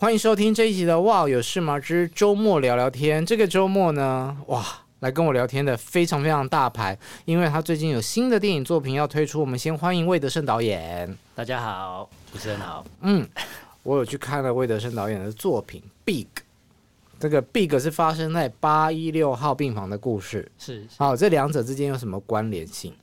歡迎收聽這一集的、wow，《哇有事嗎之週末聊聊天》。這個週末呢，哇，來跟我聊天的非常非常大牌，因為他最近有新的電影作品要推出。我們先歡迎魏德聖導演。大家好，主持人好。嗯，我有去看了魏德聖導演的作品《Big》。這個《Big》是發生在八一六號病房的故事是？是。好，這兩者之間有什麼關聯性？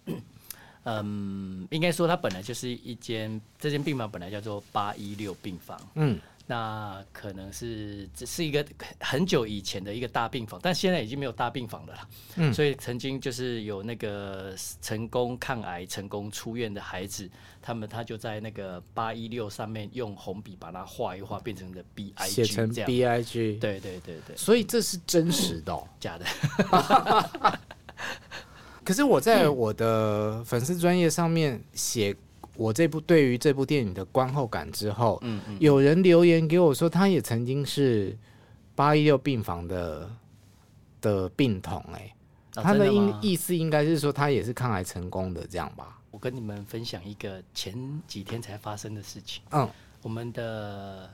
嗯，應該說，它本來就是一間，這間病房本來叫做八一六病房。嗯。那可能是這是一個很久以前的一個大病房，但現在已經沒有大病房的了。嗯，所以曾經就是有那個成功抗癌，成功出院的孩子，他們他就在那個八一六上面用紅筆把它畫一畫，嗯，變成了 B I G，寫成 B I G。對對對對，所以這是真實的。哦嗯， 假的。 可是我在我的粉絲專頁上面寫我這部對於這部電影的觀後感之後，嗯嗯，有人留言給我說，他也曾經是八一六病房的的病童哎、欸，他的意意思應該是說他也是抗癌成功的這樣吧、啊？我跟你們分享一個前幾天才發生的事情，嗯，我們的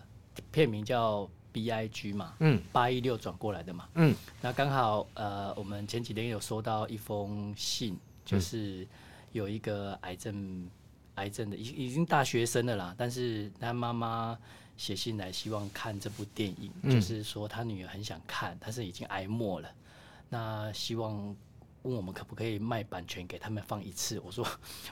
片名叫 BIG 嘛，嗯，八一六轉過來的嘛，嗯，嗯，那剛好呃，我們前幾天有收到一封信，就是有一個癌症。癌症的已已經大學生了啦，但是他媽媽寫信來希望看這部電影，嗯，就是說他女兒很想看，但是已經癌末了，那希望。問我們可不可以賣版權給他們放一次？我說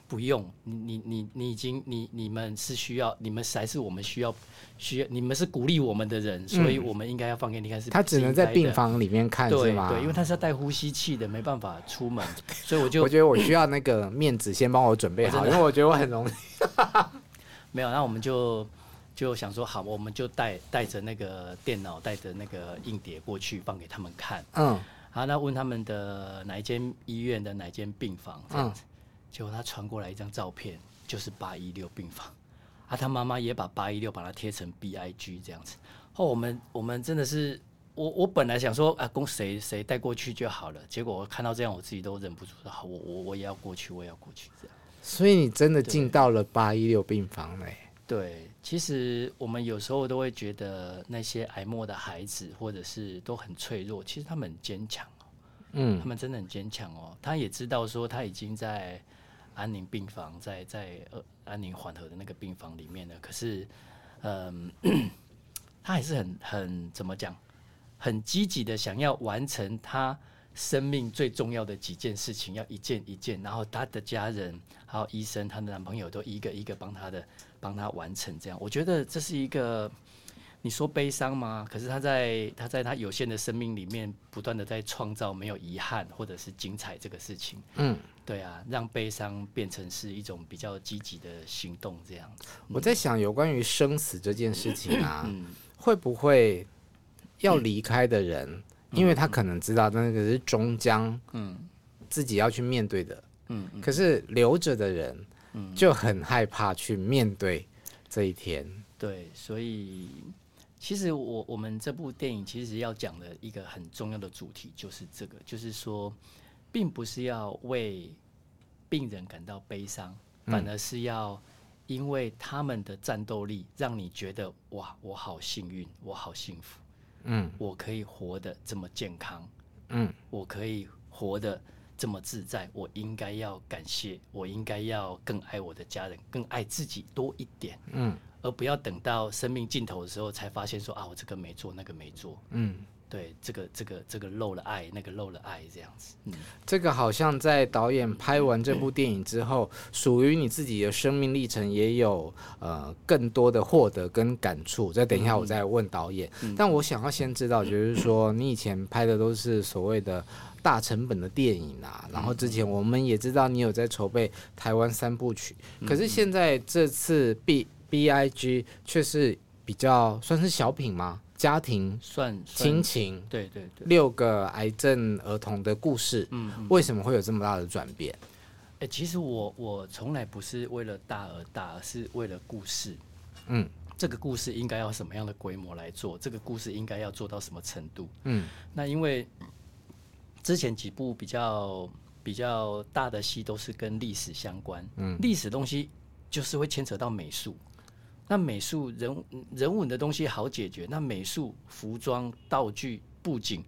不用，你你你你已經你你們是需要，你們才是我們需要，需要你們是鼓勵我們的人、嗯，所以我們應該要放給你看。是。他只能在病房裡面看是嗎？對，對因為他是要帶呼吸器的，沒辦法出門， 所以我就我覺得我需要那個面子，先幫我準備好，因為我覺得我很容易 。 沒有，那我們就就想說好，我們就帶帶着那個電腦，帶着那個硬碟過去放給他們看。嗯。啊，那問他們的哪一間醫院的哪一間病房這樣子，嗯，結果他傳過來一張照片，就是八一六病房。啊，他媽媽也把八一六把它貼成 BIG 這樣子。後我們我們真的是，我我本來想說啊，供誰誰帶過去就好了。結果我看到這樣，我自己都忍不住說，我我我也要過去，我也要過去這樣。所以你真的進到了八一六病房嘞？對。對其實我們有時候都會覺得那些癌末的孩子，或者是都很脆弱。其實他們很堅強，喔、嗯，他們真的很堅強哦。他也知道說他已經在安寧病房，在在，呃、安寧緩和的那個病房裡面了。可是，嗯，咳咳他還是很很怎麼講，很積極的想要完成他。生命最重要的幾件事情，要一件一件，然後她的家人、還有醫生、她的男朋友都一個一個幫她的、幫她完成這樣。我覺得這是一個，你說悲傷嗎？可是她在、她在她有限的生命裡面，不斷的在創造沒有遺憾或者是精彩這個事情。嗯，對啊，讓悲傷變成是一種比較積極的行動這樣子、嗯、我在想有關於生死這件事情啊，嗯嗯、會不會要離開的人、嗯？因為他可能知道那個是終將，嗯，自己要去面對的，嗯，可是留着的人，就很害怕去面對這一天，嗯嗯嗯。對，所以其實我我們這部電影其實要講的一個很重要的主題就是這個，就是說，並不是要為病人感到悲傷，反而是要因為他們的戰鬥力，讓你覺得哇，我好幸運，我好幸福。嗯，我可以活得這麼健康，嗯，我可以活得這麼自在，我應該要感謝，我應該要更愛我的家人，更愛自己多一點，嗯，而不要等到生命盡頭的時候才發現說啊，我這個沒做，那個沒做，嗯。對，這個這個這個漏了愛，那個漏了愛這樣子，嗯。這個好像在導演拍完這部電影之後，嗯嗯、屬於你自己的生命歷程也有呃更多的獲得跟感觸。再等一下，我再問導演，嗯。但我想要先知道，就是說、嗯、你以前拍的都是所謂的大成本的電影啊、嗯，然後之前我們也知道你有在籌備台灣三部曲，嗯、可是現在這次 B B I G 卻是比較算是小品嗎？家庭算,算親情，對對對，六個癌症兒童的故事，嗯，嗯，為什麼會有這麼大的轉變？哎、欸，其實我我從來不是為了大而大，是為了故事，嗯，這個故事應該要什麼樣的規模來做？這個故事應該要做到什麼程度？嗯，那因為之前幾部比較比較大的戲都是跟歷史相關，嗯，歷史東西就是會牽扯到美術。那美術人人文的東西好解決，那美術服裝道具布景，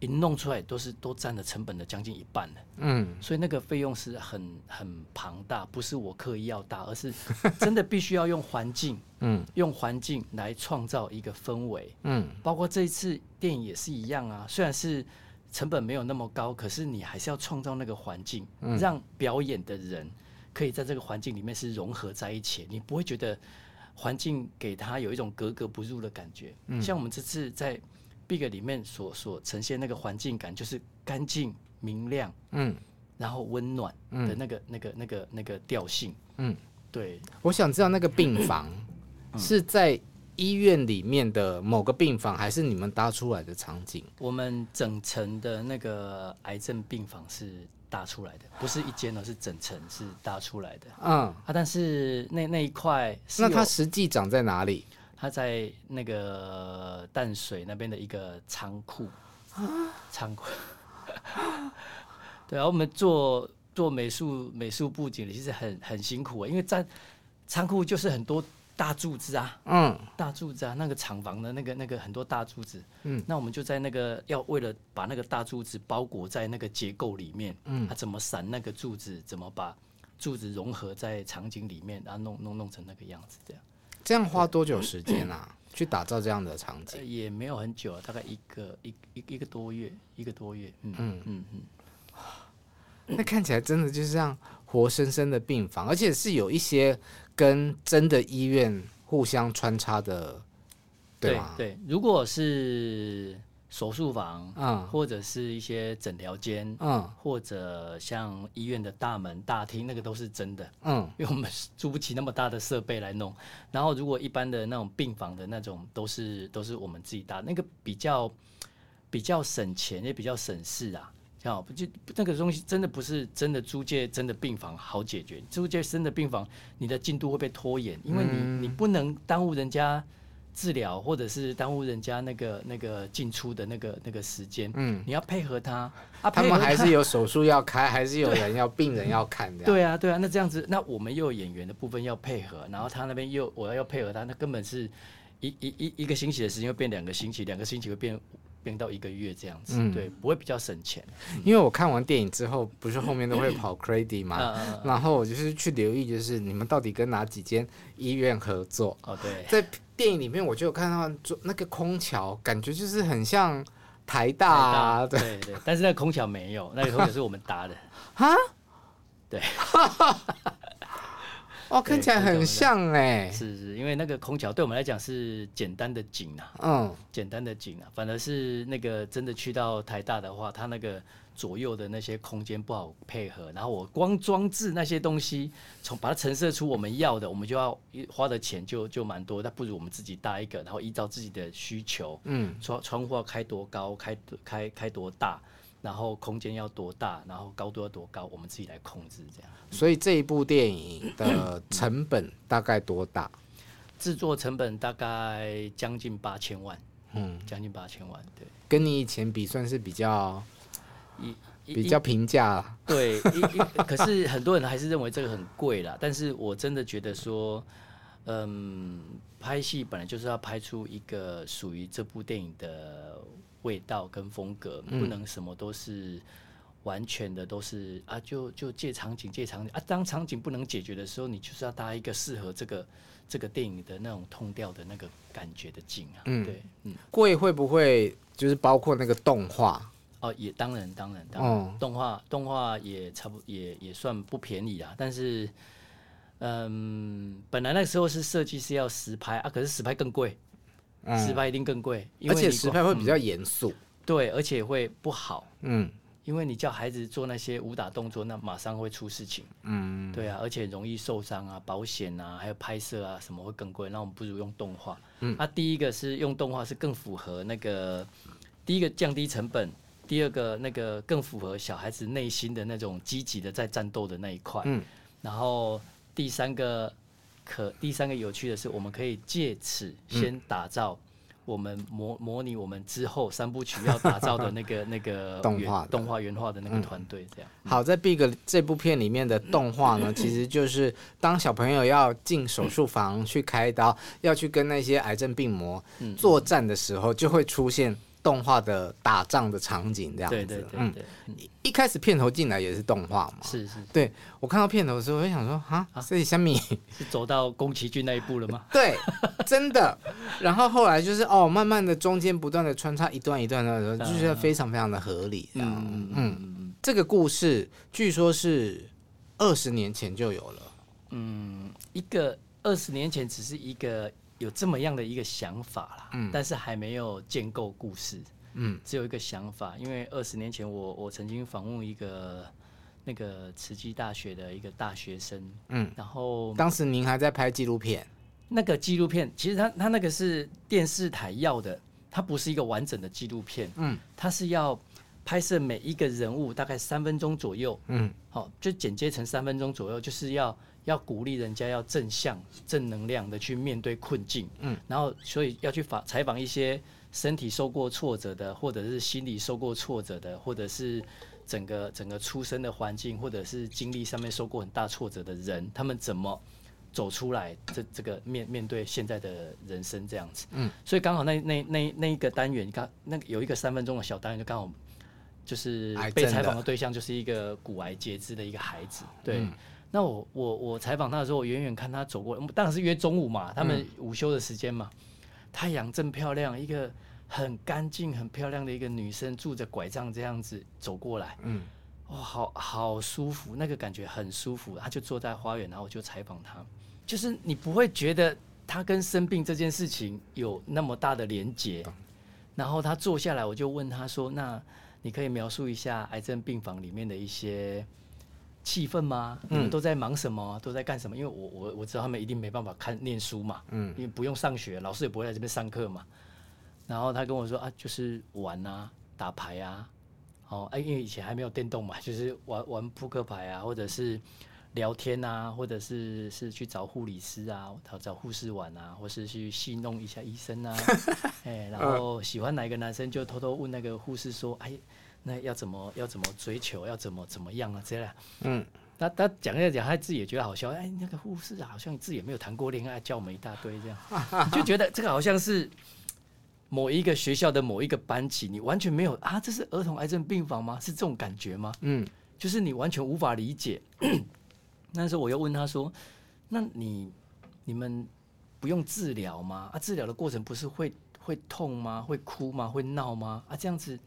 一弄出來都是都占了成本的將近一半了。嗯，所以那個費用是很很龐大，不是我刻意要大，而是真的必須要用環境， 嗯，用環境來創造一個氛圍。嗯，包括這一次電影也是一樣啊，雖然是成本沒有那麼高，可是你還是要創造那個環境，嗯，讓表演的人可以在這個環境裡面是融合在一起，你不會覺得。.環境給他有一種格格不入的感覺。像我們這次在 Big 裡面所所呈現的那個環境感，就是乾淨明亮，嗯，然後溫暖的那個、嗯、那個那個那個調性，嗯，對。我想知道那個病房是在醫院裡面的某個病房，還是你們搭出來的場景？嗯、我們整層的那個癌症病房是。搭出來的，不是一間，而是整層是搭出來的。嗯，啊，但是那那一塊，那它實際長在哪裡？它在那個淡水那邊的一個倉庫，啊，倉庫 對啊，我們做做美術美術布景其實很很辛苦啊，因為在倉庫就是很多。大柱子啊，嗯，大柱子啊，那個廠房的那個那個很多大柱子，嗯，那我們就在那個要為了把那個大柱子包裹在那個結構裡面，嗯，它、啊、怎麼閃那個柱子，怎麼把柱子融合在場景裡面，然後、啊、弄弄弄成那個樣子，這樣，這樣花多久時間啊、嗯嗯？去打造這樣的場景也沒有很久，大概一個一一一個多月，一個多月，嗯嗯嗯，嗯，那看起來真的就是這樣。活生生的病房，而且是有一些跟真的醫院互相穿插的，對嗎？對，如果是手術房啊、嗯，或者是一些診療間，嗯，或者像醫院的大門、大廳，那個都是真的，嗯，因為我們租不起那麼大的設備來弄。然後，如果一般的那種病房的那種，都是都是我們自己搭，那個比較比較省錢，也比較省事啊。這不就那個東西真的不是真的租借真的病房好解決，租借真的病房你的進度會被拖延，因為你你不能耽誤人家治療，或者是耽誤人家那個那個進出的那個那個時間。嗯，你要配合他、啊、配合他，他們還是有手術要開，還是有人要病人要看的。對啊，對啊，那這樣子，那我們又有演員的部分要配合，然後他那邊又我要要配合他，那根本是一一一一個星期的時間會變兩個星期，兩個星期會變。變到一個月這樣子，嗯、對，不會比較省錢、嗯。因為我看完電影之後，不是後面都會跑 credit 嘛、嗯嗯嗯，然後我就是去留意，就是你們到底跟哪幾間醫院合作。哦，對，在電影裡面我就有看到做那個空橋，感覺就是很像台大，啊台大，對對對，但是那個空橋沒有， 那個空橋是我們搭的，哈，對。 哦，看起來很像哎，是是，因為那個空調對我們來講是簡單的景啊，哦，嗯，簡單的景啊，反而是那個真的去到台大的話，它那個左右的那些空間不好配合，然後我光裝置那些東西，從把它陳設出我們要的，我們就要花的錢就就蠻多，那不如我們自己搭一個，然後依照自己的需求，嗯，窗窗戶要開多高，開多開開多大。然後空間要多大，然後高度要多高，我們自己來控制這樣。所以這一部電影的成本大概多大？嗯，製作成本大概將近八千萬，嗯，將近八千萬，對。跟你以前比算是比較一比較平價，啊，對。 可是很多人還是認為這個很貴啦。 但是我真的覺得說，嗯，拍戲本來就是要拍出一個屬於這部電影的。味道跟風格不能什麼都是完全的，都是、嗯、啊，就就借場景借場景啊。當場景不能解決的時候，你就是要搭一個適合這個這個電影的那種通調的那個感覺的景啊。嗯，對，嗯，貴會不會就是包括那個動畫？哦，也當然當然當然，當然嗯、動畫動畫也差不也也算不便宜啊。但是，嗯，本來那個時候是設計師要實拍啊，可是實拍更貴。實拍一定更貴，嗯，而且實拍會比較嚴肅，嗯，對，而且會不好，嗯，因為你叫孩子做那些武打動作，那馬上會出事情，嗯，對啊，而且容易受傷啊，保險啊，還有拍攝啊什麼會更貴，那我們不如用動畫，嗯，那、啊、第一個是用動畫是更符合那個，第一個降低成本，第二個那個更符合小孩子內心的那種積極的在戰鬥的那一塊，嗯，然後第三個。可第三個有趣的是，我們可以借此先打造我們模、嗯、模擬我們之後三部曲要打造的那個呵呵那個動畫動畫原畫的那個團隊。這樣、嗯、好，在 BIG 這部片裡面的動畫呢、嗯，其實就是當小朋友要進手術房去開刀，嗯、要去跟那些癌症病魔、嗯、作戰的時候，就會出現。動畫的打仗的場景這樣子，嗯，一一開始片頭進來也是動畫嘛，是是，對，對我看到片頭的時候，我就想說，啊，這蝦米是走到宮崎駿那一步了嗎？對，真的。然後後來就是哦，慢慢的中間不斷的穿插一段一段的時候，就是非常非常的合理這樣。嗯嗯、嗯嗯，這個故事據說是二十年前就有了，嗯，一個二十年前只是一個。有這麼樣的一個想法啦，嗯，但是還沒有建構故事，嗯，只有一個想法。因為二十年前我，我我曾經訪問一個那個慈濟大學的一個大學生，嗯，然後當時您還在拍紀錄片，那個紀錄片其實它它那個是電視台要的，它不是一個完整的紀錄片，嗯，它是要拍攝每一個人物大概三分鐘左右，嗯，好就剪接成三分鐘左右，就是要。要鼓勵人家要正向、正能量的去面對困境，嗯，然後所以要去訪採訪一些身體受過挫折的，或者是心理受過挫折的，或者是整個整個出生的環境，或者是經歷上面受過很大挫折的人，他們怎麼走出來，這？這這個面面對現在的人生這樣子，嗯，所以剛好那那那那一個單元剛那個有一個三分鐘的小單元，就剛好就是被採訪的對象就是一個骨癌截肢的一個孩子，對。嗯那我我我採訪他的時候，我遠遠看他走過來，我們當然是約中午嘛，他們午休的時間嘛，嗯、太陽正漂亮，一個很乾淨、很漂亮的一個女生拄着拐杖這樣子走過來，嗯，哇、哦，好好舒服，那個感覺很舒服。她就坐在花園，然後我就採訪她，就是你不會覺得她跟生病這件事情有那麼大的連結。然後她坐下來，我就問她說：“那你可以描述一下癌症病房裡面的一些？”氣憤嗎？都在忙什麼？嗯、都在幹什麼？因為我我我知道他們一定沒辦法看唸書嘛，嗯、因為不用上學，老師也不會在這邊上課嘛。然後他跟我說啊，就是玩啊，打牌啊，哦，哎、啊，因為以前還沒有電動嘛，就是玩玩撲克牌啊，或者是聊天啊，或者是是去找護理師啊，找找護士玩啊，或是去戲弄一下醫生啊，哎、 欸，然後喜歡哪一個男生就偷偷問那個護士說，哎。那要怎麼要怎麼追求要怎麼怎麼樣啊這樣？嗯，他他講一講他自己也覺得好笑，哎、欸，那個護士啊，好像自己也沒有談過戀愛，叫我們一大堆這樣， 你就覺得這個好像是某一個學校的某一個班級，你完全沒有啊，這是兒童癌症病房嗎？是這種感覺嗎？嗯，就是你完全無法理解。 那時候我又問他說：“那你你們不用治療嗎？啊，治療的過程不是會會痛嗎？會哭嗎？會鬧嗎？啊，這樣子。”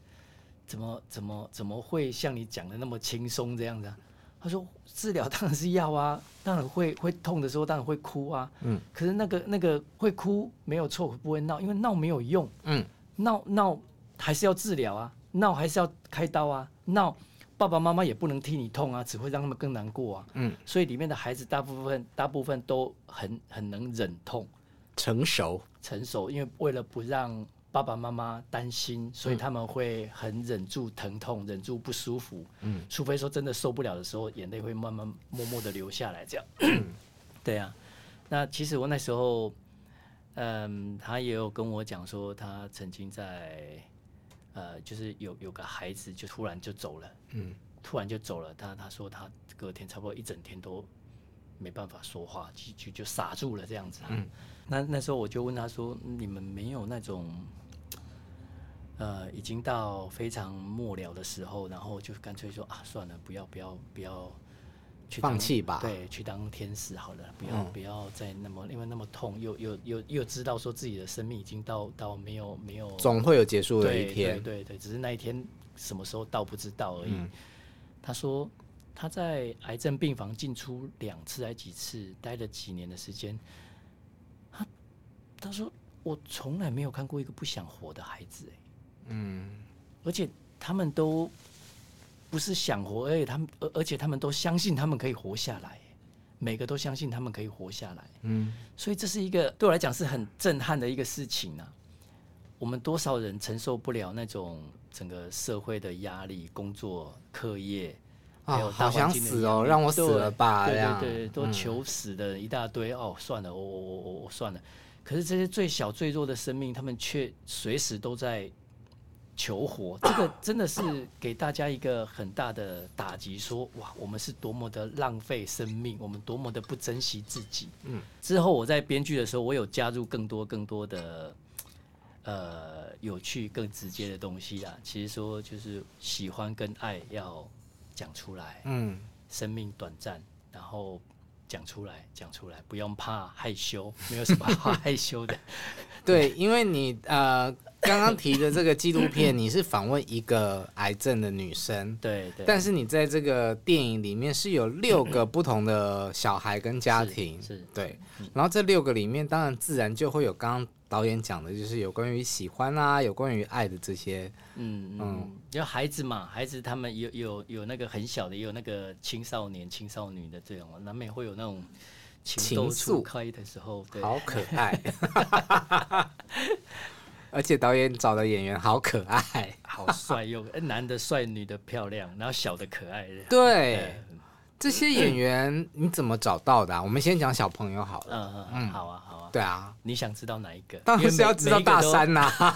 怎麼怎麼怎麼會像你講的那麼輕鬆這樣子啊？他說治療當然是要啊，當然會會痛的時候當然會哭啊。嗯，可是那個那個會哭沒有錯，不會鬧，因為鬧沒有用。嗯，鬧鬧還是要治療啊，鬧還是要開刀啊，鬧爸爸媽媽也不能替你痛啊，只會讓他們更難過啊。嗯，所以裡面的孩子大部分大部分都很很能忍痛，成熟成熟，因為為了不讓，爸爸媽媽擔心，所以他們會很忍住疼痛，嗯，忍住不舒服。嗯，除非說真的受不了的時候，眼淚會慢慢默默的流下來。這樣，嗯，對啊。那其實我那時候，嗯，他也有跟我講說，他曾經在，呃，就是有有個孩子就突然就走了。嗯，突然就走了。他他說他隔天差不多一整天都沒辦法說話，就就就傻住了這樣子。嗯，那那時候我就問他說：“你們沒有那種？”呃，已經到非常末了的時候，然後就乾脆說啊，算了，不要不要不要去放棄吧，對，去當天使好了，不要、嗯、不要再那麼因為那麼痛，又又又又知道說自己的生命已經到到沒有沒有，總會有結束的一天，對，對對對，只是那一天什麼時候到不知道而已。嗯、他說他在癌症病房進出兩次還幾次，待了幾年的時間，他他說我從來沒有看過一個不想活的孩子、欸，哎。嗯，而且他們都不是想活，哎，而且他們，而而且他們都相信他們可以活下來，每個都相信他們可以活下來。嗯，所以這是一個對我來講是很震撼的一個事情吶、啊。我們多少人承受不了那種整個社會的壓力、工作、課業、哦、好想死哦！讓我死了吧！對對對，都求死的一大堆、嗯。哦，算了，我我我我算了。可是這些最小最弱的生命，他們卻隨時都在求活，這個真的是給大家一個很大的打擊，說哇，我們是多麼的浪費生命，我們多麼的不珍惜自己。嗯，之後我在編劇的時候，我有加入更多更多的呃有趣、更直接的東西啊。其實說就是喜歡跟愛要講出來，嗯，生命短暫，然後。講出來，講出來，不用怕害羞，沒有什麼好害羞的 對。對，因為你呃剛剛提的這個紀錄片咳咳，你是訪問一個癌症的女生咳咳，對，對，但是你在這個電影裡面是有六個不同的小孩跟家庭，咳咳，是，是，對，然後這六個裡面當然自然就會有剛剛。導演講的就是有關於喜歡啊，有關於愛的這些，嗯嗯，就孩子嘛，孩子他們有有有那個很小的，也有那個青少年、青少女的這種，難免會有那種情竇初開的時候，對，好可愛， 而且導演找的演員好可愛，好帥又，有男的帥，女的漂亮，然後小的可愛，對，對嗯、這些演員你怎麼找到的、啊？我們先講小朋友好了，嗯、啊、嗯，好啊。對啊，你想知道哪一個？當然是要知道大山吶。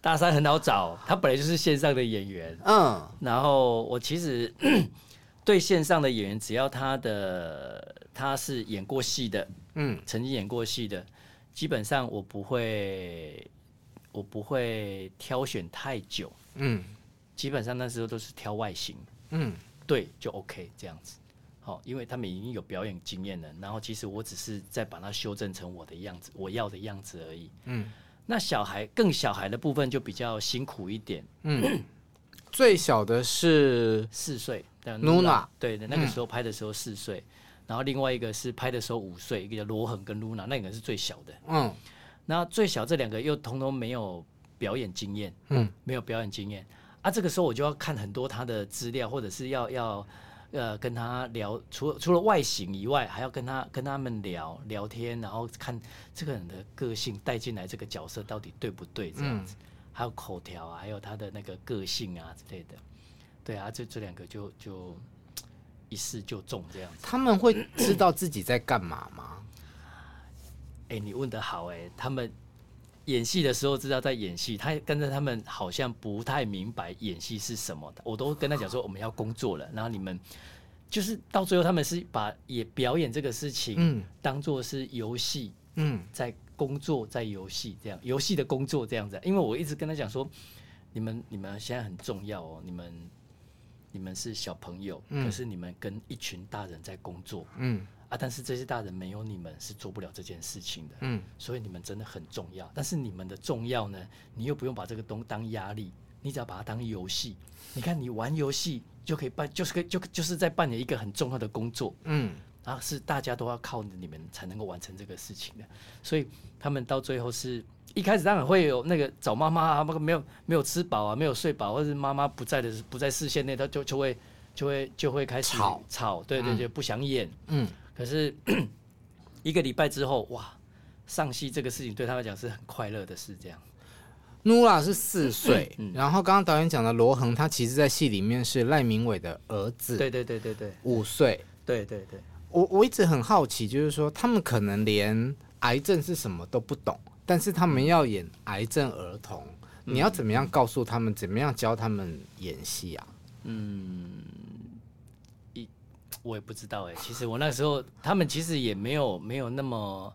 大山很好找，他本來就是線上的演員。嗯，然後我其實對線上的演員，只要他的他是演過戲的，嗯，曾經演過戲的，基本上我不會，我不會挑選太久。嗯，基本上那時候都是挑外形。嗯，對，就 OK 這樣子。因為他們已經有表演經驗了，然後其實我只是在把它修正成我的樣子，我要的樣子而已。嗯，那小孩更小孩的部分就比較辛苦一點。嗯，嗯最小的是四歲，Luna，對、Lula、對那個時候拍的時候四歲，嗯，然後另外一個是拍的時候五歲，一個叫羅恆跟 Luna，那個是最小的。嗯，那最小這兩個又通通沒有表演經驗，嗯，嗯，沒有表演經驗啊，這個時候我就要看很多他的資料，或者是要要。呃，跟他聊，除除了外形以外，還要跟他跟他們聊聊天，然後看這個人的個性帶進來這個角色到底對不對這樣子，嗯、還有口條啊，還有他的那個個性啊之類的，對啊，這這兩個就就一試就中這樣。他們會知道自己在幹嘛嗎？哎、 欸，你問得好哎、欸，他們。演戲的時候知道在演戲，他跟着他們好像不太明白演戲是什麼的。我都跟他講說我們要工作了，然後你們就是到最後他們是把也表演這個事情，嗯，當做是遊戲，嗯，在工作在遊戲這樣，遊戲的工作這樣子。因為我一直跟他講說，你們你們現在很重要哦，你們你們是小朋友，可是你們跟一群大人在工作，嗯。嗯啊！但是這些大人沒有你們是做不了這件事情的。嗯，所以你們真的很重要。但是你們的重要呢，你又不用把這個東當壓力，你只要把它當遊戲。你看，你玩遊戲就可以扮，就是可以就就是在扮演一個很重要的工作。嗯，然、啊、後是大家都要靠你們才能夠完成這個事情的。所以他們到最後是一開始當然會有那個找媽媽、啊，沒有沒有吃飽啊，沒有睡飽，或者媽媽不在的不在視線內，他就就會就會就會，就會開始吵吵、嗯，對對，對不想演。嗯。可是，一個禮拜之後，哇，上戲這個事情對他來講是很快樂的事。這樣 Nura 是四歲、嗯嗯，然後剛剛導演講的羅恆，他其實，在戲裡面是賴明偉的兒子。對對對對對，五歲。對對對，我我一直很好奇，就是說他們可能連癌症是什麼都不懂，但是他們要演癌症兒童，你要怎麼樣告訴他們、嗯？怎麼樣教他們演戲啊？嗯。我也不知道哎、欸，其實我那個時候，他們其實也沒有沒有那麼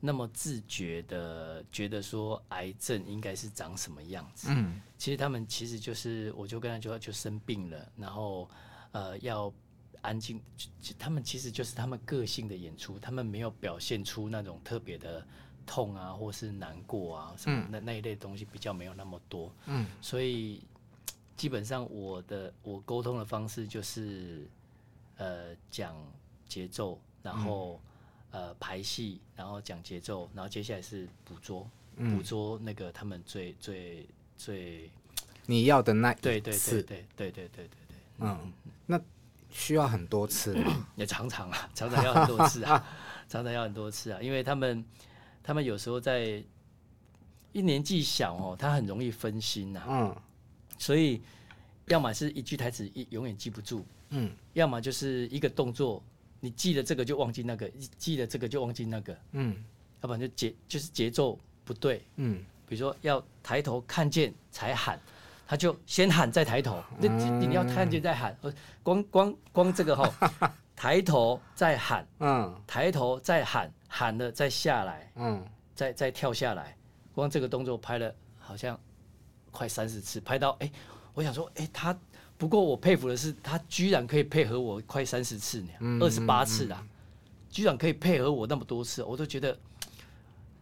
那麼自覺的覺得說癌症應該是長什麼樣子。嗯，其實他們其實就是，我就跟他說就，就生病了，然後呃要安靜。他們其實就是他們個性的演出，他們沒有表現出那種特別的痛啊，或是難過啊，什麼那那一類東西比較沒有那麼多。嗯，所以基本上我的我溝通的方式就是。呃，講節奏，然後、嗯、呃排戲，然後講節奏，然後接下來是捕捉，嗯、捕捉那個他們最最最你要的 n 那一次，對對對對對對對對對，對嗯。嗯，那需要很多次，也、嗯嗯嗯、常常啊，常常要很多次啊， 常常要很多次啊，因為他們他們有時候在一年紀小哦，他很容易分心吶、啊，嗯，所以要麼是一句台詞一永遠記不住。嗯，要麼就是一個動作，你記了這個就忘記那個，記了這個就忘記那個。嗯，要不然就節就是節奏不對。嗯，比如說要抬頭看見才喊，他就先喊再抬頭。嗯。那你，你要看見再喊，光光光這個齁，抬頭再喊，嗯， 抬頭再喊，喊了再下來，嗯，再再跳下來，光這個動作拍了好像快三十次，拍到哎、欸，我想說哎、欸、他。不過我佩服的是，他居然可以配合我快三十次，二十八次啦，嗯，居然可以配合我那麼多次，我都覺得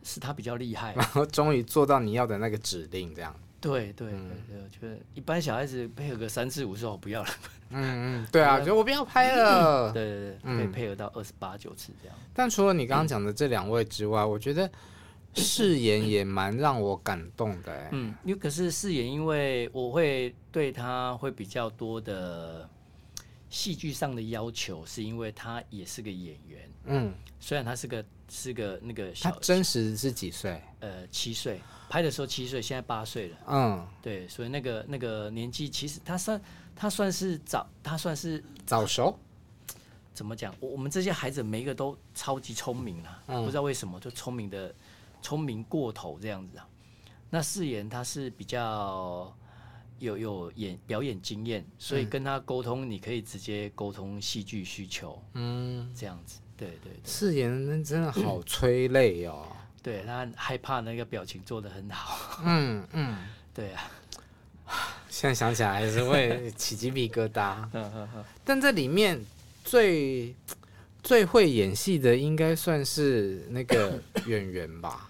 是他比較厲害。然後終於做到你要的那個指令，這樣。對對對，對，就、嗯、是一般小孩子配合個三次五次，我不要了。嗯嗯，對啊，就、嗯、我不要拍了。嗯、對對對、嗯，可以配合到二十八九次這樣。但除了你剛剛講的這兩位之外，嗯、我覺得。飾演也蠻讓我感動的，欸，嗯，因為可是飾演，因為我會對他會比較多的戲劇上的要求，是因為他也是個演員，嗯，雖然他是個是個那個小，他真實是幾歲？呃，七歲，拍的時候七歲，現在八歲了，嗯，對，所以那個那個年紀，其實他算他算是早，他算是早，早熟，怎麼講？我我們這些孩子每一個都超級聰明了，啊嗯，不知道為什麼就聰明的。聰明過頭這樣子啊，那是延他是比較有有演表演經驗，所以跟他溝通，你可以直接溝通戲劇需求，嗯，這樣子，對對，是延那真的好催淚哦，喔，嗯，對他害怕那個表情做得很好，嗯嗯，對啊。現在想起來還是會起雞皮疙瘩， 但這裡面最最會演戲的，應該算是那個源源吧。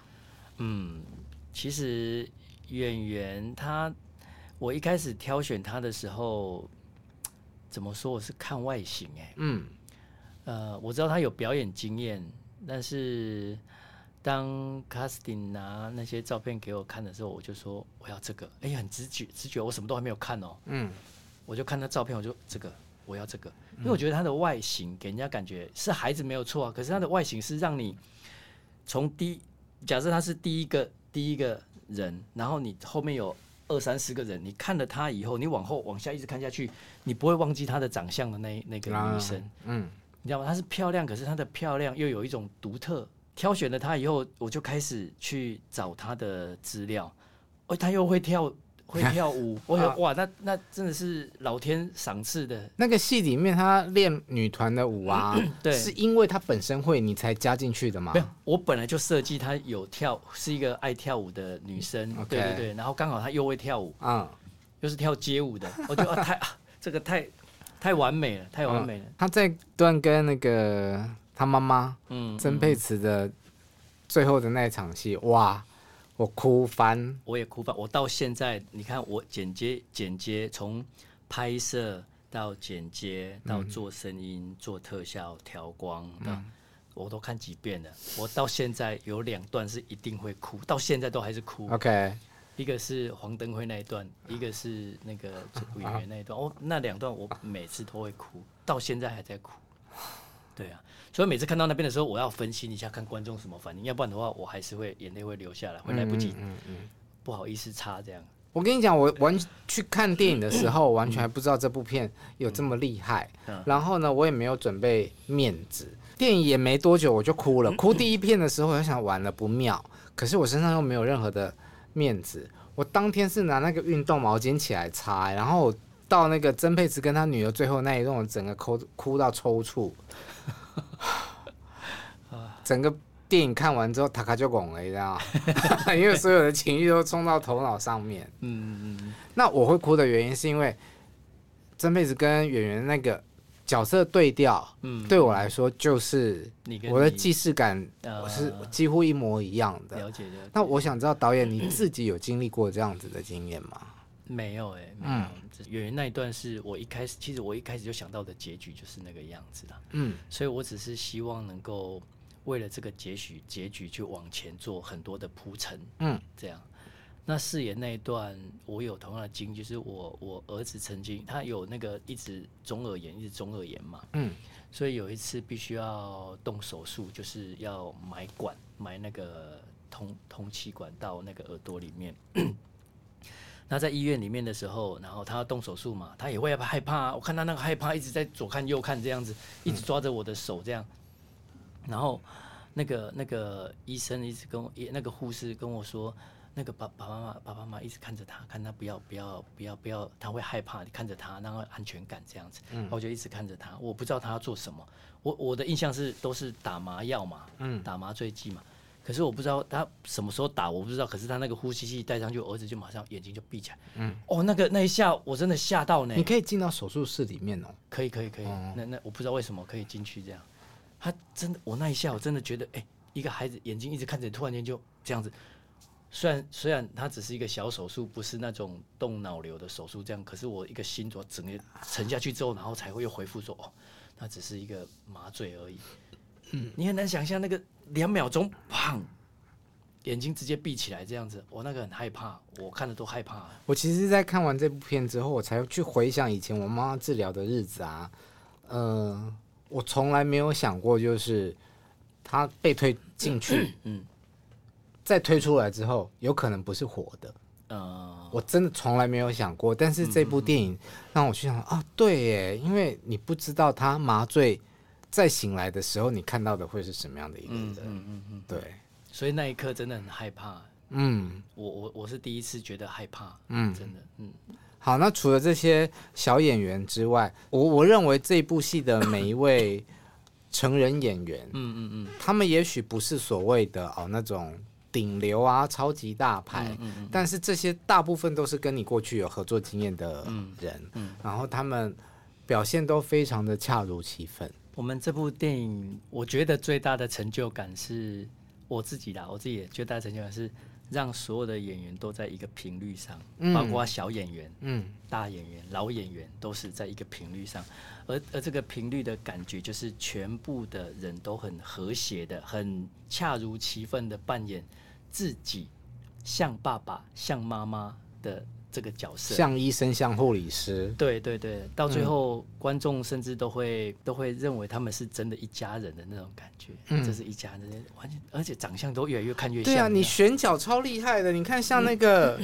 嗯，其實演員他，我一開始挑選他的時候，怎麼說？我是看外形哎。嗯。呃，我知道他有表演經驗，但是當 Casting 拿那些照片給我看的時候，我就說我要這個。哎、欸，很直覺，直覺，我什麼都還沒有看哦、喔。嗯。我就看他照片，我就這個我要這個，因為我覺得他的外形給人家感覺是孩子沒有錯啊，可是他的外形是讓你從低。假設她是第一個第一個人，然後你後面有二三十個人，你看了她以後，你往後往下一直看下去，你不會忘記她的長相的，那那個女生，嗯、uh, um.，你知道嗎？她是漂亮，可是她的漂亮又有一種獨特。挑選了她以後，我就開始去找她的資料，哦，她又會跳。會跳舞，我覺得哇，啊、那那真的是老天賞賜的。那個戲裡面，她練女團的舞啊、嗯嗯，對，是因為她本身會，你才加進去的嗎？沒有，我本來就設計她有跳，是一個愛跳舞的女生。Okay. 對對對，然後剛好她又會跳舞，嗯、啊，又是跳街舞的。我覺得、啊、太、啊，這個太太完美了，太完美了。她、嗯、在段跟那個她媽媽，嗯，曾沛慈的最後的那一場戲，哇。我哭翻，我也哭翻。我到現在，你看我剪接剪接，從拍攝到剪接到做聲音、嗯、做特效、調光，嗯、我都看幾遍了。我到現在有兩段是一定會哭，到現在都還是哭。OK，一個是黃燈輝那一段，一個是那個演員那一段。啊、哦，那兩段我每次都會哭，到現在還在哭。對啊。所以每次看到那邊的時候，我要分析一下，看觀眾什麼反應，要不然的話，我還是會眼淚會流下來，會來不及嗯嗯嗯嗯嗯，不好意思擦這樣、嗯。我、嗯嗯嗯、跟你講，我完去看電影的時候，嗯嗯、完全還不知道這部片有這麼厲害、嗯嗯嗯嗯。然後呢，我也沒有準備面紙、嗯，電影也沒多久我就哭了。哭第一片的時候，我就想完了不妙，可是我身上又沒有任何的面紙。我當天是拿那個運動毛巾起來擦，然後到那個曾佩慈跟他女兒最後那一段，我整個哭哭到抽搐。 整個電影看完之後，塔卡就拱了一下。 因為所有的情緒都衝到頭腦上面。嗯嗯。那我會哭的原因是因為這妹子跟演員那個角色對調，嗯，對我來說就是，你你我的既視感，呃，我是幾乎一模一樣的。了解的。那我想知道導演你自己有經歷過這樣子的經驗嗎？嗯嗯沒有哎、欸，嗯，源源那一段是我一開始，其實我一開始就想到的結局就是那個樣子了，嗯，所以我只是希望能夠為了這個結局，結局去往前做很多的鋪陳，嗯，這樣。那是延那一段，我有同樣的經歷，就是我我兒子曾經他有那個一直中耳炎，一直中耳炎嘛，嗯，所以有一次必須要動手術，就是要埋管，埋那個通通氣管到那個耳朵裡面。嗯他在醫院裡面的時候，然後他要動手術嘛，他也會害怕。我看他那個害怕，一直在左看右看這樣子，一直抓着我的手這樣。嗯、然後，那個那個醫生一直跟那個護士跟我說，那個爸爸媽媽、爸爸媽媽一直看着他，看他不要不要不要不要，他會害怕，你看着他然後安全感這樣子。嗯、然後我就一直看着他，我不知道他要做什麼。我我的印象是都是打麻藥嘛、嗯，打麻醉劑嘛。可是我不知道他什麼時候打，我不知道。可是他那個呼吸器一戴上去，兒子就馬上眼睛就閉起來。嗯，哦，那個那一下我真的嚇到呢。你可以進到手術室裡面哦？可以可以可以。嗯、那那我不知道為什麼可以進去這樣。他真的，我那一下我真的覺得，哎、欸，一個孩子眼睛一直看着你，突然間就這樣子。雖然雖然他只是一個小手術，不是那種動腦瘤的手術這樣，可是我一個心就整個沉下去之後，然後才會又回復說，哦，那只是一個麻醉而已。嗯，你很難想象那個。兩秒鐘，砰！眼睛直接閉起來，這樣子，我那個很害怕，我看了都害怕。我其實，在看完這部片之後，我才去回想以前我媽治療的日子啊。嗯、呃，我從來沒有想過，就是她被推進去，嗯，嗯，再推出來之後，有可能不是活的。嗯，我真的從來沒有想過。但是這部電影讓我去想、嗯、啊，對耶，因為你不知道她麻醉，在醒來的時候，你看到的會是什麼樣的一個人，嗯嗯嗯嗯？對，所以那一刻真的很害怕。嗯，我我我是第一次覺得害怕。嗯，真的，嗯。好，那除了這些小演員之外，我我認為這部戲的每一位成人演員，嗯嗯嗯，他們也許不是所謂的哦那種頂流啊、嗯、超級大牌、嗯嗯，但是這些大部分都是跟你過去有合作經驗的人，嗯嗯，然後他們表現都非常的恰如其分。我們這部電影，我覺得最大的成就感是我自己啦，我自己最大的成就感是讓所有的演員都在一個頻率上、嗯，包括小演員、嗯、大演員、老演員都是在一個頻率上，而而這個頻率的感覺就是全部的人都很和諧的，很恰如其分的扮演自己，像爸爸、像媽媽的。這個角色像醫生，像護理師，對對對，到最後、嗯、觀眾甚至都會都會認為他們是真的一家人的那種感覺，嗯，這是一家人，完全而且長相都越來越看越像。對啊，你選角超厲害的，你看像那個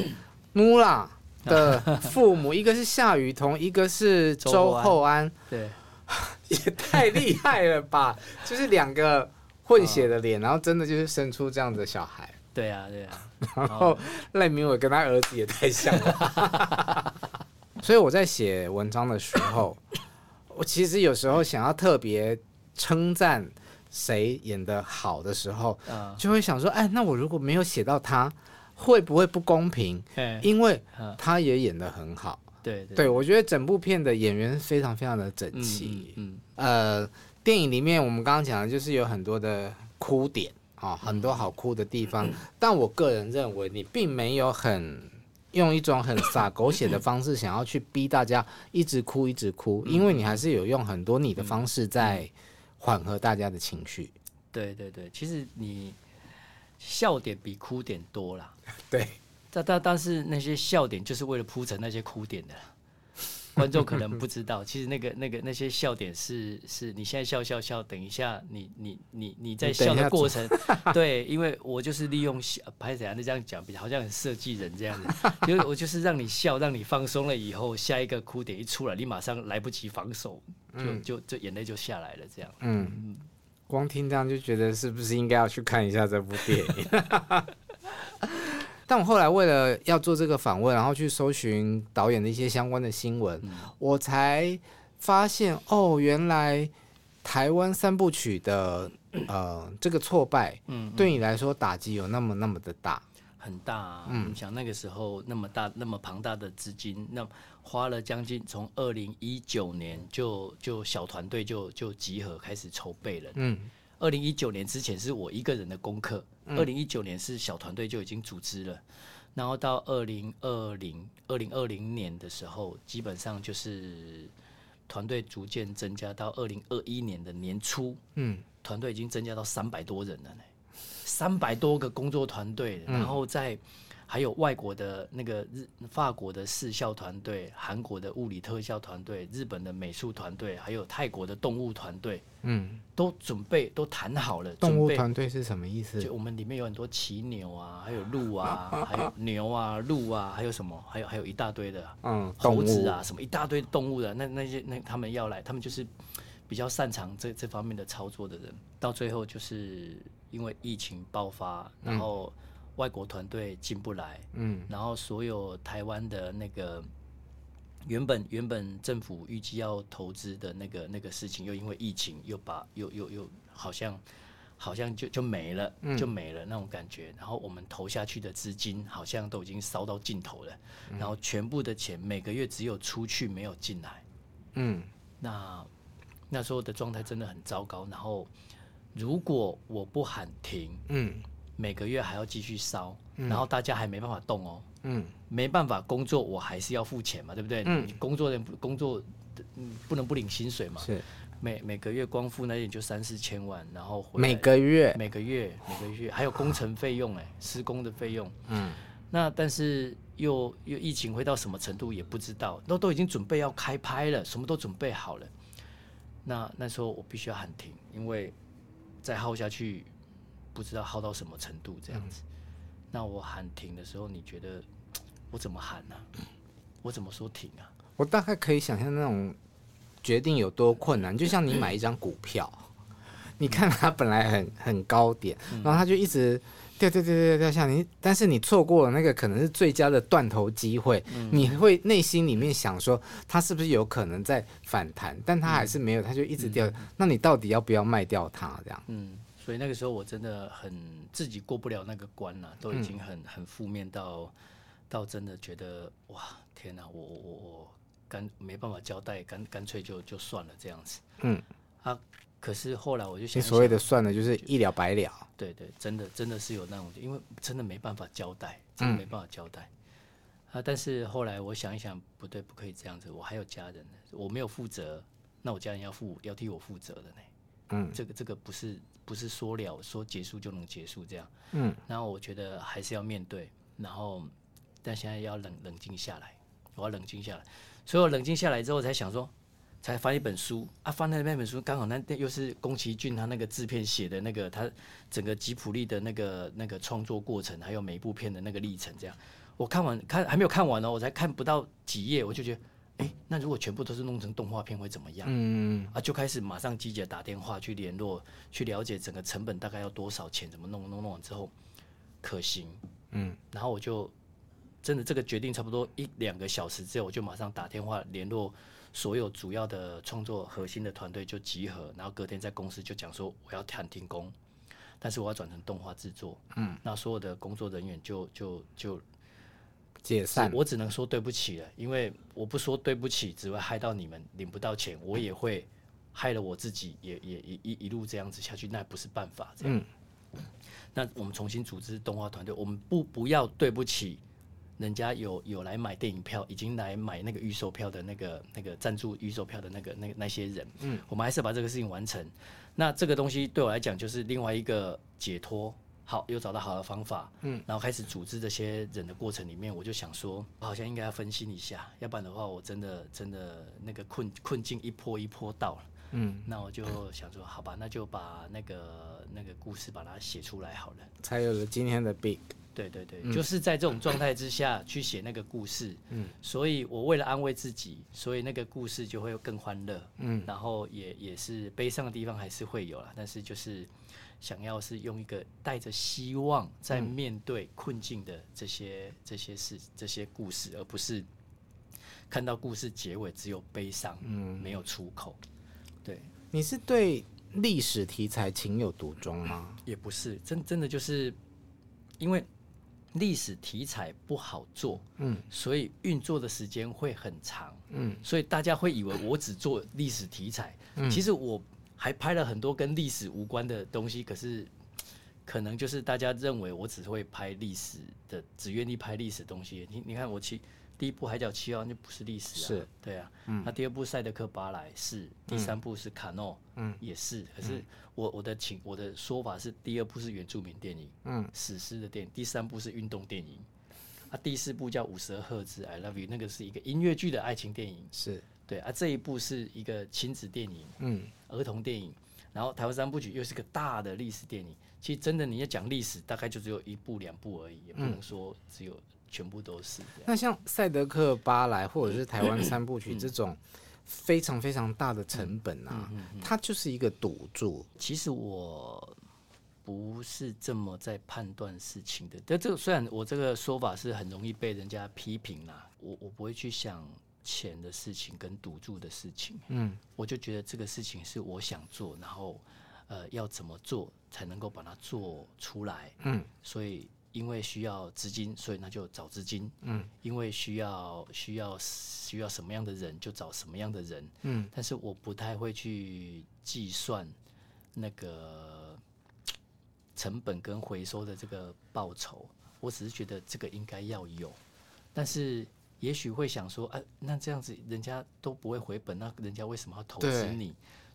努拉的父母，嗯、 一個是夏宇童，一個是周厚安，安對， 也太厲害了吧！ 就是兩個混血的臉，然後真的就是生出這樣的小孩。對、哦、呀，對呀、啊啊。然後，賴明偉跟他兒子也太像了。oh.， 所以我在寫文章的時候， 我其實有時候想要特別稱讚誰演的好的時候，uh. 就會想說，哎，那我如果沒有寫到他，會不會不公平？Hey. 因為他也演的很好。Uh. 對，對我覺得整部片的演員非常非常的整齊嗯嗯。嗯，呃，電影裡面我們剛剛講的就是有很多的哭點。啊、哦，很多好哭的地方、嗯，但我個人認為你並沒有很用一種很撒狗血的方式想要去逼大家一直哭一直哭，嗯、因為你還是有用很多你的方式在緩和大家的情緒。對對對，其實你笑點比哭點多啦。對，但但但是那些笑點就是為了鋪成那些哭點的。觀眾可能不知道，其實那個、那個、那些笑點是是，你現在笑笑笑，等一下你你你你在笑的過程，對，因為我就是利用拍怎樣的這樣講，好像很設計人這樣子， 就我就是讓你笑，讓你放鬆了以後，下一個哭點一出來，你馬上來不及防守，就、嗯、就就眼淚就下來了這樣。嗯，光聽這樣就覺得是不是應該要去看一下這部電影？ 但我後來為了要做這個訪問，然後去搜尋導演的一些相關的新聞、嗯，我才發現哦，原來台灣三部曲的、嗯、呃這個挫敗嗯嗯，對你來說打擊有那麼那麼的大，很大、啊。嗯，像那個時候那麼大那麼龐大的資金，那花了將近從二零一九年就就小團隊就就集合開始籌備了。嗯。二零一九年之前是我一個人的功課，二零一九年是小團隊就已經組織了，然後到二零二零二零二零年的時候，基本上就是團隊逐漸增加，到二零二一年的年初，嗯，團隊已經增加到三百多人了呢，三百多個工作團隊，然後在。還有外國的那個日、法國的視效團隊、韓國的物理特效團隊、日本的美術團隊，還有泰國的動物團隊，嗯，都準備都談好了。動物團隊是什麼意思？就我們裡面有很多騎牛啊，還有鹿啊，啊，啊，還有牛啊、鹿啊，還有什麼？還有還有一大堆的，嗯，猴子啊，什麼一大堆的動物的，啊。那那些那他們要來，他們就是比較擅長這這方面的操作的人。到最後就是因為疫情爆發，然後，嗯。外國團隊進不來，嗯，然後所有台灣的那個原本原本政府預計要投資的那個那個事情，又因為疫情又把又又又好像好像就就沒了，嗯，就沒了那種感覺。然後我們投下去的資金好像都已經燒到盡頭了，然後全部的錢每個月只有出去沒有進來，嗯，那那時候的狀態真的很糟糕。然後如果我不喊停，嗯。每個月還要繼續燒、嗯，然後大家還沒辦法動哦、喔，嗯，沒辦法工作，我還是要付錢嘛，對不對？嗯，工作人，工作，嗯，不能不領薪水嘛。是，每每個月光付那一點就三四千萬，然後回每個月每個月每個月還有工程費用哎、欸，施工的費用，嗯，那但是又又疫情會到什麼程度也不知道，都都已經準備要開拍了，什麼都準備好了，那那時候我必須要喊停，因為再耗下去，不知道耗到什麼程度，這樣子、嗯，那我喊停的時候，你覺得我怎麼喊呢？啊？我怎麼說停啊？我大概可以想象那種決定有多困難，就像你買一張股票，咳咳你看它本來很很高點，嗯，然後它就一直掉，掉，掉，掉，掉，掉下，掉，掉，掉，掉，掉，像你，但是你錯過了那個可能是最佳的斷頭機會，嗯，你會內心裡面想說，它是不是有可能在反彈？但它還是沒有，它就一直掉，嗯。那你到底要不要賣掉它？這樣？嗯。所以那個時候我真的很自己過不了那個關了、啊，都已經很很負面到、嗯、到真的覺得哇天哪、啊，我我我干沒辦法交代，干乾脆就就算了這樣子。嗯啊，可是後來我就想，想，你所謂的算了就是一了百了。對對，真的真的是有那種，因為真的沒辦法交代，真的沒辦法交代、嗯、啊。但是後來我想一想，不對，不可以這樣子，我還有家人呢，我沒有負責，那我家人要負要替我負責的呢。嗯，這個這個不是不是說了說結束就能結束這樣，嗯，然後我覺得還是要面對，然後但現在要冷冷靜下來，我要冷靜下來，所以我冷靜下來之後才想說，才翻一本書啊，翻那那本書，剛好那那又是宮崎駿他那個製片寫的那個他整個吉卜力的那個那個創作過程，還有每一部片的那個歷程這樣，我看完看還沒有看完呢、哦，我才看不到幾頁，我就覺得。哎、欸，那如果全部都是弄成動畫片會怎麼樣？嗯，嗯，嗯啊，就開始馬上集結，打電話去聯絡，去了解整個成本大概要多少錢，怎麼弄弄弄完之後可行？嗯，然後我就真的這個決定，差不多一兩個小時之後，我就馬上打電話聯絡所有主要的創作核心的團隊就集合，然後隔天在公司就講說我要談停工，但是我要轉成動畫制作。嗯，嗯，那所有的工作人員就就就。就解散，我只能說對不起了，因為我不說對不起，只會害到你們領不到錢，我也會害了我自己，也也一一路這樣子下去，那不是辦法這樣。嗯，那我們重新組織動畫團隊，我們不不要對不起人家有有來買電影票，已經來買那個預售票的那個那個贊助預售票的那個那那些人。嗯，我們還是把這個事情完成。那這個東西對我來講就是另外一個解脫。好，又找到好的方法，嗯，然後開始組織這些人的過程裡面，我就想說，好像應該要分析一下，要不然的話，我真的真的那個困困境一波一波到了，嗯，那我就想說，好吧，那就把那個那個故事把它寫出來好了，才有了今天的 Big，對對對，嗯，就是在這種狀態之下去寫那個故事，嗯，所以我為了安慰自己，所以那個故事就會更歡樂，嗯，然後也也是悲傷的地方還是會有啦，但是就是。想要是用一個帶着希望在面對困境的這些、嗯、這些事這些故事，而不是看到故事結尾只有悲傷，嗯，沒有出口。對，你是對歷史題材情有獨鍾嗎？嗯，也不是，真的真的就是因為歷史題材不好做，嗯，所以運作的時間會很長，嗯，所以大家會以為我只做歷史題材，嗯，其實我。還拍了很多跟歷史無關的東西，可是可能就是大家認為我只會拍歷史的，只願意拍歷史的東西。你你看我其，我第一部《海角七號》那不是歷史啊，是。對啊、嗯。那第二部《賽德克·巴萊》是，第三部是《卡諾》，嗯，也是。可是我我的情我的說法是，第二部是原住民電影，嗯，史詩的電影；第三部是運動電影。啊，第四部叫《五十二赫茲》，I love you，那個是一個音樂劇的愛情電影，是。對啊，這一部是一個親子電影，嗯，兒童電影，然後台灣三部曲又是個大的歷史電影。其實真的你要講歷史，大概就只有一部、兩部而已，嗯，也不能說只有全部都是。那像《賽德克·巴萊》或者是《台灣三部曲》這種非常非常大的成本啊，嗯，它就是一個賭注。其實我不是這麼在判斷事情的，但這個雖然我這個說法是很容易被人家批評啦，我我不會去想。錢的事情跟賭注的事情，嗯，我就覺得這個事情是我想做，然後，呃，要怎麼做才能夠把它做出來，嗯，所以因為需要資金，所以那就找資金，嗯，因為需要，需要，需要什麼樣的人就找什麼樣的人，嗯，但是我不太會去計算那個成本跟回收的這個報酬，我只是覺得這個應該要有，但是。也許會想說，哎、啊，那這樣子人家都不會回本，那人家為什麼要投資你？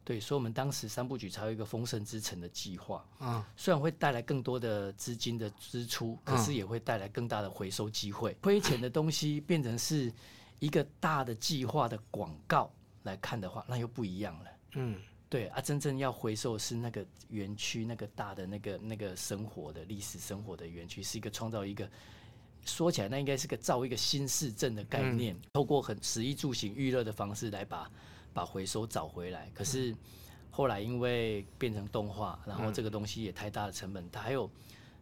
對，對，所以我們當時三部曲才有一個豐盛之城的計劃，嗯，雖然會帶來更多的資金的支出，可是也會帶來更大的回收機會。嗯、虧錢的東西變成是一個大的計劃的廣告來看的話，那又不一樣了。嗯，對啊，真正要回收是那個園區那個大的那個那個生活的歷史生活的園區，是一個創造一個。說起來，那應該是個造一個新市鎮的概念，嗯、透過很食衣住行娛樂的方式來把把回收找回來。可是後來因為變成動畫，然後這個東西也太大的成本，嗯、它還有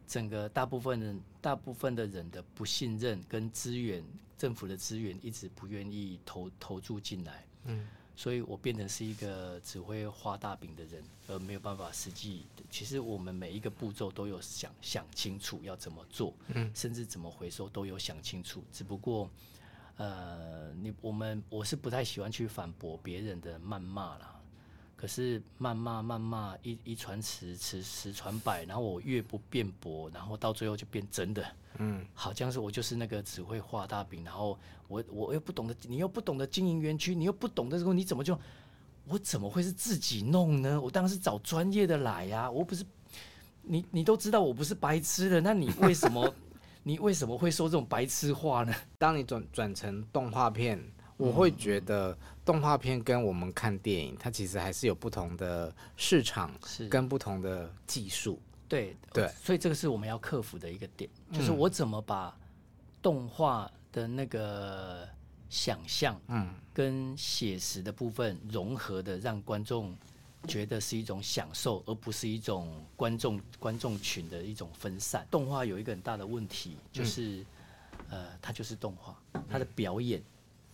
整個大部分人大部分的人的不信任跟資源，政府的資源一直不願意投投注進來。嗯所以我變成是一個只會畫大餅的人，而沒有辦法實際。其實我們每一個步驟都有想想清楚要怎麼做，嗯，甚至怎麼回收都有想清楚。只不過，呃，你我們我是不太喜歡去反駁別人的謾罵啦。可是謾罵、謾罵，一一傳十，十十傳百，然後我越不辯駁，然後到最後就變真的，嗯，好像是我就是那個只會畫大餅，然後我我又不懂得，你又不懂得經營園區，你又不懂得這個，你怎麼就我怎麼會是自己弄呢？我當然是找專業的來呀、啊，我不是，你你都知道我不是白痴的，那你為什麼你為什麼會說這種白痴話呢？ 當你轉轉成動畫片。我會覺得動畫片跟我們看電影，嗯，它其實還是有不同的市場，是跟不同的技術，對對，所以這個是我們要克服的一個點，就是我怎麼把動畫的那個想象，嗯，跟寫實的部分融合的，讓觀眾覺得是一種享受，而不是一種觀眾觀眾群的一種分散。動畫有一個很大的問題就是，嗯，呃，它就是動畫，嗯，它的表演。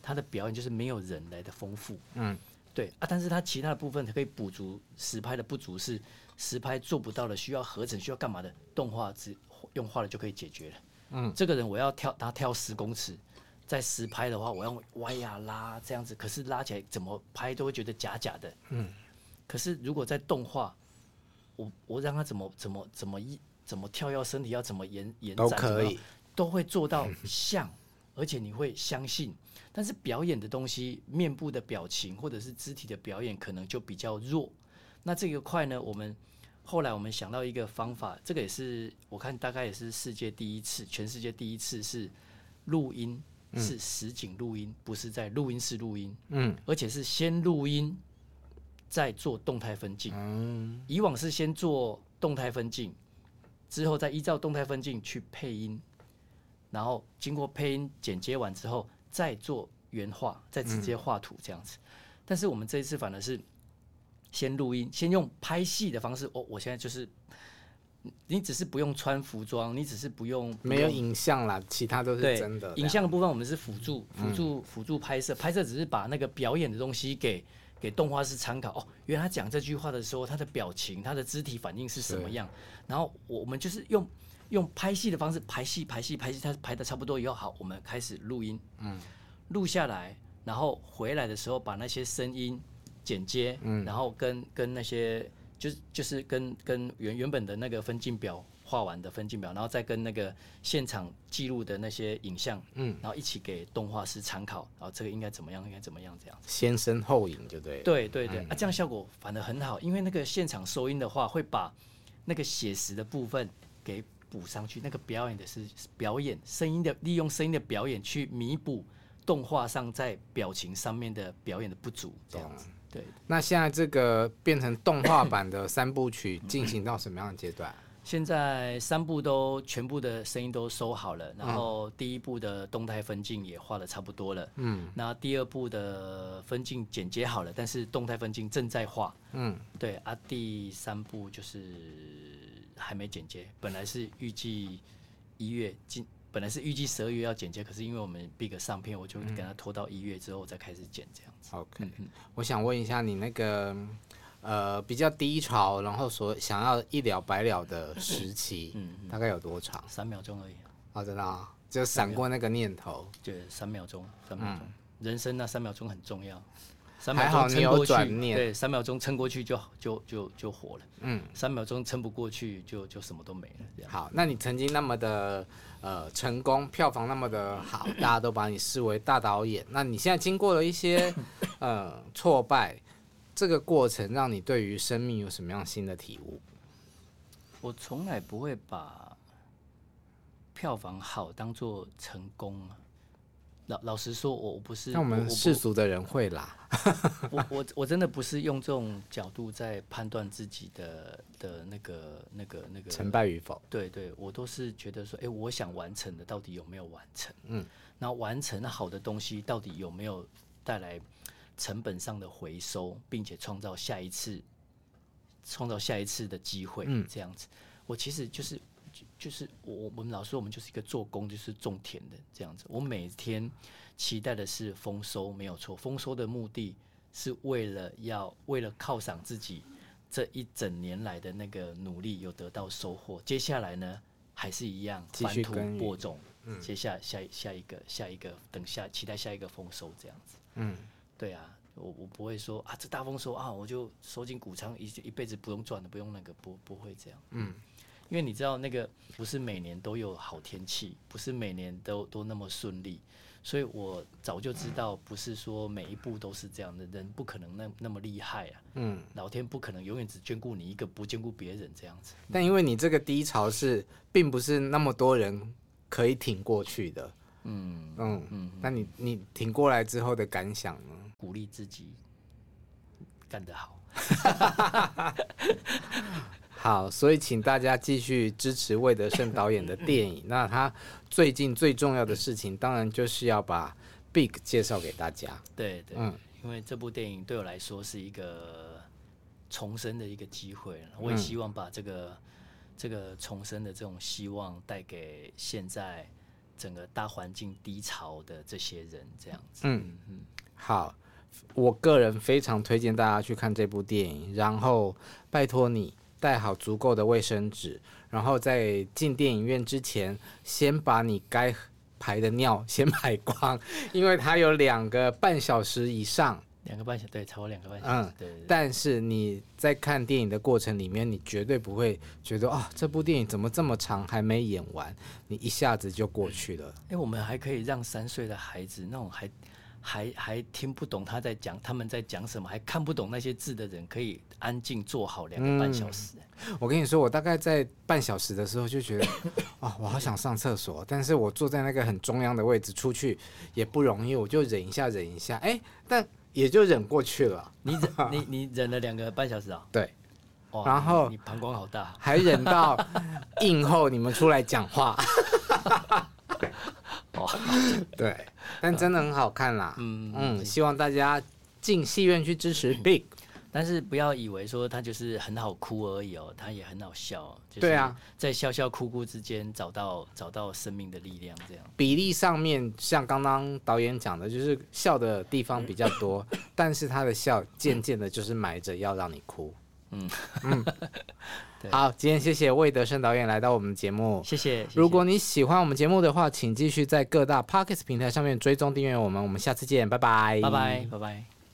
他的表演就是沒有人來的豐富，嗯，對啊，但是他其他的部分可以補足實拍的不足，是實拍做不到的，需要合成，需要幹嘛的動畫只用畫了就可以解決了。嗯，這個人我要跳，他跳十公尺，在實拍的話，我要歪呀、啊、拉這樣子，可是拉起來怎麼拍都會覺得假假的。嗯，可是如果在動畫，我我讓他怎麼怎麼怎麼一怎麼跳躍，身體要怎麼延延展，都可以，都會做到像， 而且你會相信。但是表演的東西，面部的表情或者是肢體的表演，可能就比較弱，那這個塊呢？我們後來我們想到一個方法，這個也是我看大概也是世界第一次，全世界第一次是錄音，是實景錄音。嗯，不是在錄音室錄音。嗯。而且是先錄音，再做動態分鏡。嗯。以往是先做動態分鏡，之後再依照動態分鏡去配音，然後經過配音剪接完之後。再做原畫，再直接畫圖這樣子，嗯，但是我們這一次反而是先錄音，先用拍戲的方式。哦，我現在就是你只是不用穿服裝，你只是不用，不用，沒有影像啦。其他都是真的。影像的部分我們是輔助、輔助、輔助、嗯、輔助拍攝，拍攝只是把那個表演的東西給給動畫師參考。哦，原來他講這句話的時候，他的表情、他的肢體反應是什麼樣？然後我們就是用。用拍戲的方式拍戲，拍戲，拍戲，它拍的差不多以後，好，我們開始錄音，嗯，錄下來，然後回來的時候把那些聲音剪接，嗯，然後跟跟那些就是就是跟跟原原本的那個分鏡表畫完的分鏡表，然後再跟那個現場記錄的那些影像，嗯，然後一起給動畫師參考，然後這個應該怎麼樣，應該怎麼樣這樣子。先聲後影，對對？對對對、哎啊，這樣效果反而很好，因為那個現場收音的話會把那個寫實的部分給。補上去，那個表演的是表演聲音的，利用聲音的表演去彌補動畫上在表情上面的表演的不足這，這樣子，對。那現在這個變成動畫版的三部曲進行到什麼樣的階段啊？現在三部都全部的聲音都收好了，然後第一部的動態分鏡也畫得差不多了。嗯。那第二部的分鏡剪接好了，但是動態分鏡正在畫。嗯，對。啊，第三部就是。還沒剪接，本來是預計一月今本來是預計十二月要剪接，可是因為我們 BIG 上片，我就給他拖到一月之後再開始剪，這樣子。OK，嗯、我想問一下你那個呃比較低潮，然後所想要一了百了的時期，嗯，大概有多長？三秒鐘而已啊。啊、哦，真的啊，就閃過那個念頭，就三秒鐘，三秒鐘、嗯，人生那三秒鐘很重要。三秒鐘撐過去，還好你有轉念，對，三秒鐘撐過去就就就就活了，嗯，三秒鐘撐不過去就就什麼都沒了。這樣好，那你曾經那麼的呃成功，票房那麼的好，大家都把你視為大導演，咳咳那你現在經過了一些咳咳呃挫敗，這個過程讓你對於生命有什麼樣新的體悟？我從來不會把票房好當做成功啊。老老實說，我不是那麼世俗的人會啦。 我我我真的不是用這種角度在判斷自己的的那個那個那個成敗與否。對，對對，我都是覺得說，哎、欸，我想完成的到底有沒有完成？嗯，那完成好的東西到底有沒有帶來成本上的回收，並且創造下一次創造下一次的機會，嗯，這樣子，我其實就是。就是我我們老實說，我們就是一個做工，就是種田的這樣子。我每天期待的是豐收，沒有錯。豐收的目的是為了要為了犒賞自己這一整年來的那個努力，有得到收穫。接下來呢，還是一樣翻土播種，接下下下一個下一個，等下期待下一個豐收這樣子。嗯，對啊，我我不會說啊，這大豐收啊，我就收進穀倉一一輩子不用賺的，不用那個，不不會這樣。嗯。因為你知道那個不是每年都有好天氣，不是每年都都那麼順利，所以我早就知道，不是說每一步都是這樣的。嗯、人不可能那那麼厲害啊。嗯，老天不可能永遠只眷顧你一個，不眷顧別人這樣子。但因為你這個低潮是，並不是那麼多人可以挺過去的。嗯嗯，那、嗯、你你挺過來之後的感想呢？鼓勵自己，幹得好。 好，所以請大家繼續支持魏德聖導演的電影、 嗯。那他最近最重要的事情，嗯、當然就是要把《Big》介紹給大家。對對、嗯，因為這部電影對我來說是一個重生的一個機會，我也希望把這個、嗯、這個重生的這種希望帶給現在整個大環境低潮的這些人。這樣子，嗯嗯，嗯。好，我個人非常推薦大家去看這部電影。然後，拜託你。帶好足夠的衛生紙，然後在進電影院之前，先把你該排的尿先排光，因為它有兩個半小時以上，兩個半小時，對，超過兩個半小時。嗯，對，對。但是你在看電影的過程裡面，你絕對不會覺得啊、哦，這部電影怎麼這麼長，還沒演完，你一下子就過去了。哎，我們還可以讓三歲的孩子那種還還還聽不懂他在講，他們在講什麼，還看不懂那些字的人，可以安靜坐好兩個半小時。嗯。我跟你說，我大概在半小時的時候就覺得， 哦、我好想上廁所，但是我坐在那個很中央的位置，出去也不容易，我就忍一下，忍一下，哎、欸，但也就忍過去了。你忍， 你你忍了兩個半小時啊、哦？對，然後你膀胱好大，還忍到硬後 你們出來講話。 對 對，但真的很好看啦。嗯嗯，希望大家進戲院去支持、嗯、Big，但是不要以為說他就是很好哭而已哦，他也很好笑。對啊，在笑笑哭哭之間找到找到生命的力量，這樣比例上面，像剛剛導演講的，就是笑的地方比較多，嗯、但是他的笑漸漸的，就是埋着要讓你哭。嗯嗯。 好，今天謝謝魏德聖導演來到我們的節目。嗯，謝謝，謝謝。如果你喜歡我們節目的話，請繼續在各大 Podcast 平台上面追蹤訂閱我們，我們下次見，拜拜，拜拜，拜拜。